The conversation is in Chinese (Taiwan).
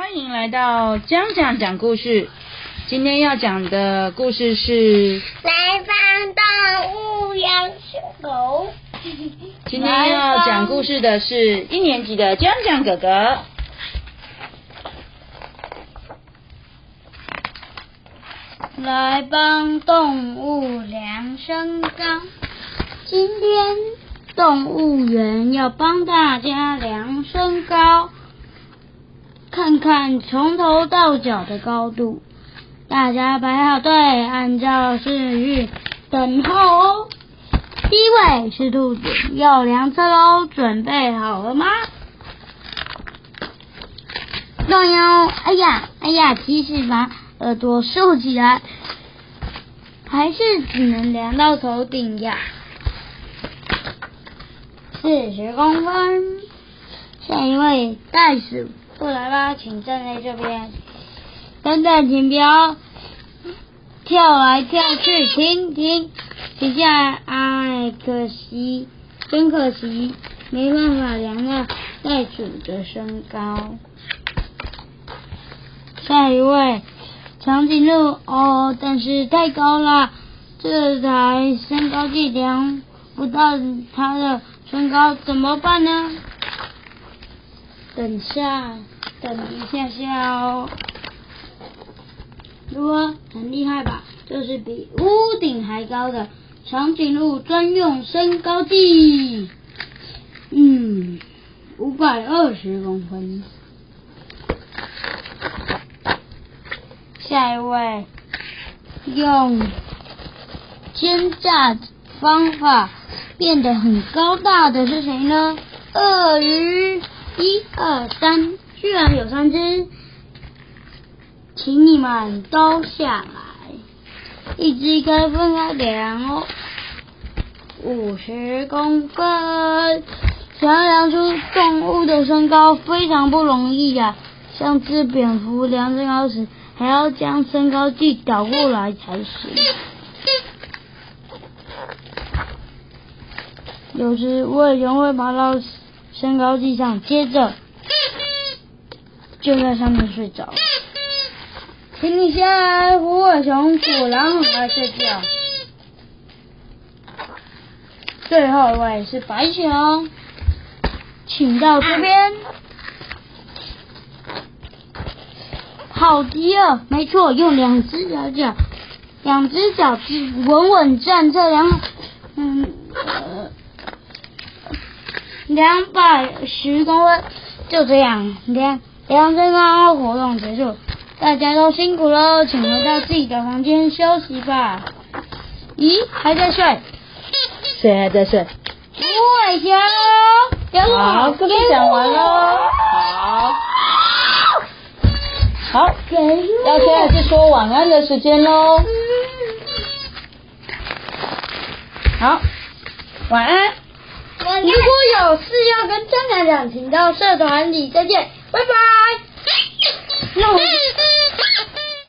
歡迎來到江江講故事。今天要講的故事是，來幫動物量身高。今天要講故事的是一年級的江江哥哥。來幫動物量身高。今天動物園要幫大家量身高。看看從頭到腳的高度，大家排好隊，按照順序等候哦。第一位是兔子，要量身高哦，準備好了嗎？哎呀，哎呀，即使把耳朵豎起來，還是只能量到頭頂呀，四十公分。下一位袋鼠。過來吧，請站在這邊。等等，停標。跳來跳去，停停。停下來，哎，可惜，真可惜，沒辦法量了袋鼠的身高。下一位，長頸鹿哦，但是太高了，這台身高計量不到它的身高，怎麼辦呢？等一下。等一下下哦。如、哦、果很厲害吧？就是比屋頂還高的長頸鹿專用身高計，嗯，五百二十公分。下一位用奸詐方法變得很高大的是誰呢？鱷魚，一二三。居然有三只，請你們都下來，一只該分開量哦。五十公分，想要量出動物的身高非常不容易呀、啊。像只蝙蝠量身高時，還要將身高計倒過來才行。有時，我也會爬到身高計上，接着。就在上面睡着了。請你先來，無尾熊果然很愛睡覺。最後一位是白熊，請到這邊。好極了、啊，沒錯，用兩隻腳腳，兩隻腳，腳穩穩站，這兩，嗯，呃、兩百十公分，就這樣，你看。陽光晨光活動結束，大家都辛苦嘍，請回到自己的房間休息吧！咦，還在睡？誰還在睡？吳偉雄。咯，好，故事講完咯。哇好。嗯、好，那、哎、喲現在是說晚安的時間嘍。嗯、好，晚安。嗯、如果有事要跟團長講，請到社團裡。再見。拜拜。